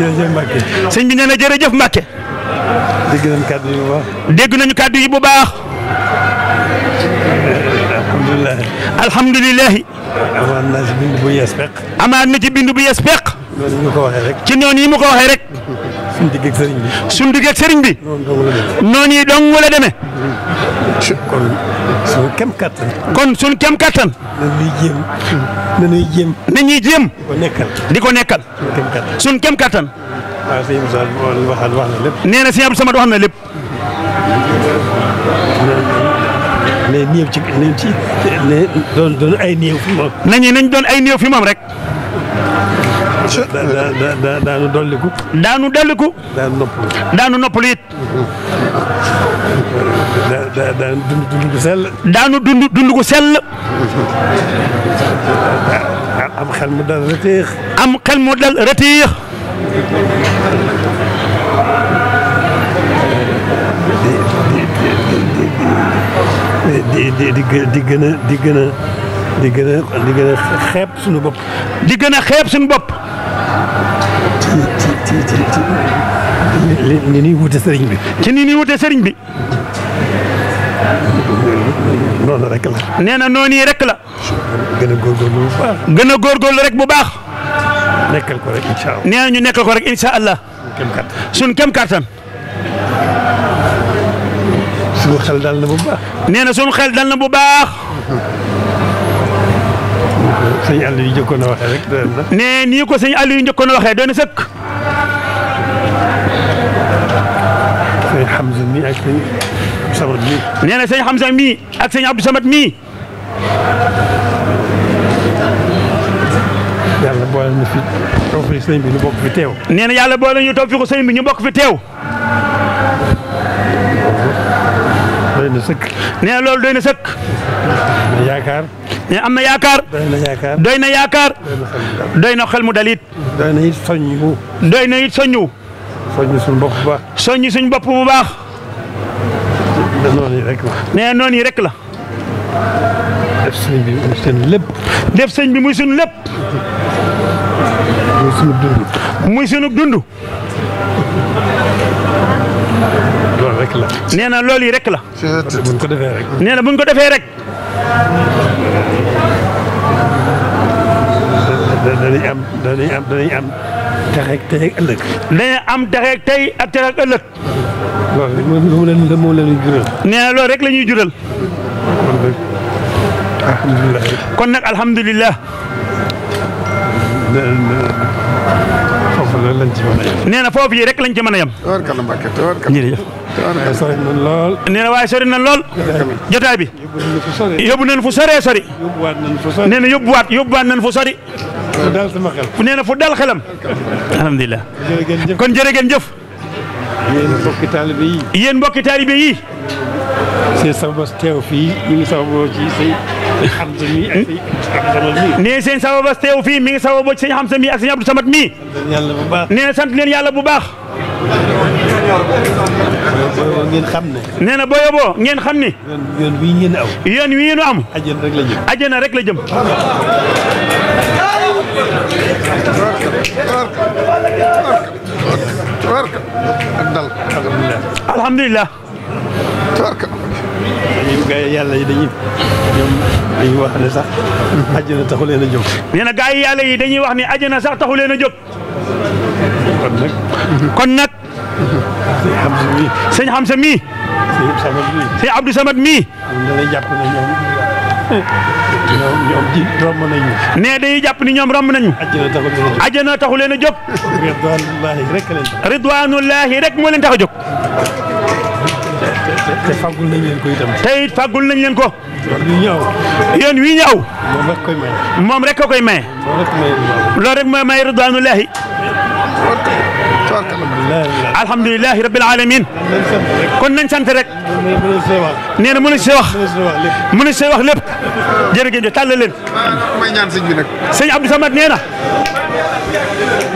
jërëjëf Mbacke. sëñ bi nee na jërëjëf Mbacke. dégg nañu kàddu yi bu baax. dégg nañu kàddu yi bu baax. alhamdulilah. alhamdulilah. amaat na ci bind bu yees peq. amaat na ci bind bu yees peq. noonu ñu ko waxee rek. ci noonu yi mu ko waxee rek. suñu digg ak sëriñ bi. suñu digg ak sëriñ bi. noonu yi dong la demee. suñu kem kattan. kon suñu kem kattan. nañuy jéem. nañuy jéem. nañuy jéem. di ko nekkal. di ko nekkal. suñu kem kattan. wax na lépp. nee na sëñ Abdou Samad wax na lépp. mais néew doon ay néew fi moom. nañu nañ doon ay néew fi rek. daanu dolliku. daanu dolliku. daanu daanu noppalu it. Mm-hmm. daa daanu dund dund gu sell. daanu dund dund gu sell. am xel mu dal retiix. am xel mu dal retiix. di di di di gën a di gën a di gën a di gën a xeeb suñu bopp. di gën a xeeb suñu bopp. ci ci ci ci. li ñuy wute sëriñ bi. ci ni ñuy wute sëriñ bi. nee na noonu yi rek la. gën a góorgóorlu bu baax. gën a góorgóorlu rek bu baax. nekkal ko na ñu nekkal ko rek incha allah. suñ kem kàttan. suñu xel dal na bu baax. nee na suñu bu baax. sëñ Aliou njëkkoon a waxee rek doy na. waxee doy sëkk. sëñ Hamza mii ak sëñ Abdou Samad mii. nee na sëñ Hamza mii ak sëñ Abdou Samad mii. yàlla boole ñu fi tawfiq sëñ bi ñu bokk fi teew. nee na yàlla boole ñu tawfiq sëñ bi ñu bokk fi teew. doy na sëkk. nee na loolu doy na sëkk. yaakaar. mais am na yaakaar. doy na yaakaar doy na yaakaar. doy na xel mu dalit. doy na it soññu. doy na it soññu. soññi suñu bopp bu baax. soññi suñu bopp mu baax. noonu rek la. nee yi rek la. sëñ bi muy seen lépp. def sëñ bi muy suñu lépp. muy suñu dund. loolu rek la. nee na loolu yi rek la. buñ ko defee rek. nee na buñ ko defee rek. am dañuy am dañuy am. texeeg tey ëllëg. nee na rek la ñuy jural. nee na loolu rek la jural. kon foofu loolu lañ ci mën a na foofu yi rek lañ ci mën a yem. waay sori na lool. nee na waaye bi. yóbbu nañ fu soree sori. yóbbuwaat nañ fu sori. nee na fu sori. fu dal sama xel. nee na fu dal xelam. alhamdulilah. kon jërë ngeen jëf. yéen mbokki taalibe yi. yéen mbokki taalibe yi. seen sababas teew fii mi ngi sababoo ci say Hamza mi ak say Abdou Samad mi. nee seen sababas teew fii mi ngi sababoo ci sëñ Hamza mi ak sëñ Abdou Samad mi. nee na sant leen yàlla bu baax. ngeen xam ne. nee na boo yóbboo ngeen xam ne. yoon wii ngeen aw. yoon wii ngeen am. ajjana rek la jëm. ajjana rek la jëm. alhamdulilah. gaa yi yàlla yi dañuy ñoom dañuy wax ne sax àjjana taxu leen a jóg. nee na gaa yi yàlla yi dañuy wax ne àjjana sax taxu leen a jóg. kon nag. kon nag. sëñ Xamsa mii. sëñ Abdou Samad mii. sëñ Abdou Samad mii. ñoom dañuy jàpp ne ñoom. ñoom ñoom ji romb nañu. nee jàpp ni ñoom romb nañu. ajjana taxu leen a jóg. ridwanullahi rek leen tax. ridwanullahi rek moo leen tax a jóg. te fàggul nañ leen ko itam. te it nañ leen ko. yoon wii ñaaw. moom rek koy maye. moom rek koy may loolu rek mooy maye alhamdulilahi rabbil alamin kon nañ sant rek nee mën mënu si wax mënu si wax lépp jërëjëf jë tàllal leen may sëñ bi nag sëñ Abdou Samad nee na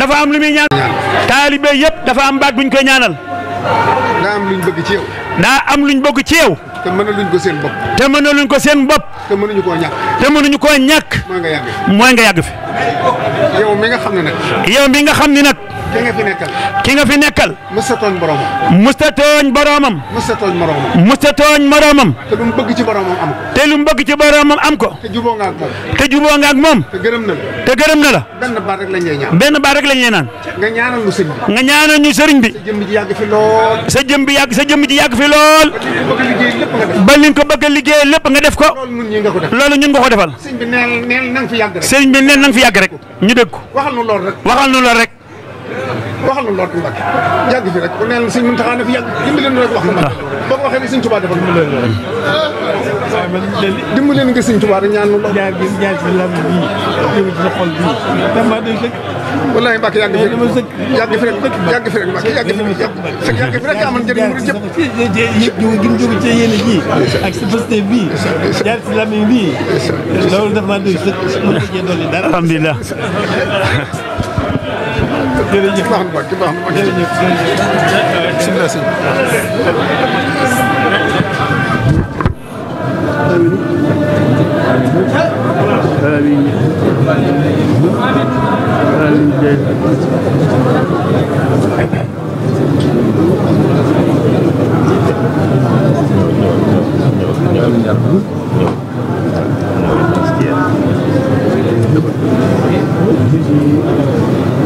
dafa am lu muy ñaan taalibe yëpp dafa am baat buñ koy ñaanal daa am luñ bëgg ci yow am luñ bëgg ci yow te mënaluñ ko seen bopp te mënaluñ ko seen bopp te mënuñu koo ñàkk te mënuñu koo ñàkk mooy nga yàgg fi yow mi nga xam ne nag yow mi nga xam ne nag ki nga fi nekkal. ki nga fi nekkal. mësta tooñ boromam. mësta tooñ boromam. mësta tooñ moromam. mësta tooñ moromam. te lu mu bëgg ci boromam am ko. te lu mu bëgg ci boromam am ko. te juboo nga ak moom. te juboo nga ak moom. te gërëm na la. te gërëm na la. benn baat rek lañ lay ñaan. benn baat rek lañ lay naan. nga ñaanal ñu sëriñ bi. nga ñaanal ñu sëriñ bi. sa jëmm ji yàgg fi lool. sa jëmm bi yàgg sa jëmm ji yàgg fi lool. ba li nga ko bëgg a liggéey lépp nga def ko. loolu ñun nga ko defal. sëriñ bi neel neel na fi yàgg rek. ñu dégg ko waxal nu lool rek waxal na loolu Mbacke yàgg fi rek ku neen sëñ Muntaxa na fi yàgg dimbali leen rek wax na Mbacke boo ko waxee ni sëñ Tuubaa defal dimbali leen nga sëñ Tuubaa rek ñaan mu lox ñaan gi ñaan ci lam bi ñu ci xol bi dama day sëkk wallahi Mbacke yàgg fi yàgg fi rek yàgg fi rek Mbacke yàgg fi rek yàgg fi rek amal njëriñ mu jëpp ci ñu jóg ci yéen ji ak ci posté bi jaar ci lam bi loolu dama day sëkk mu ci dolli dara alhamdulillah jërëjëf baax na baax na baax na jërëjëf bisimilah sëñ Thank you.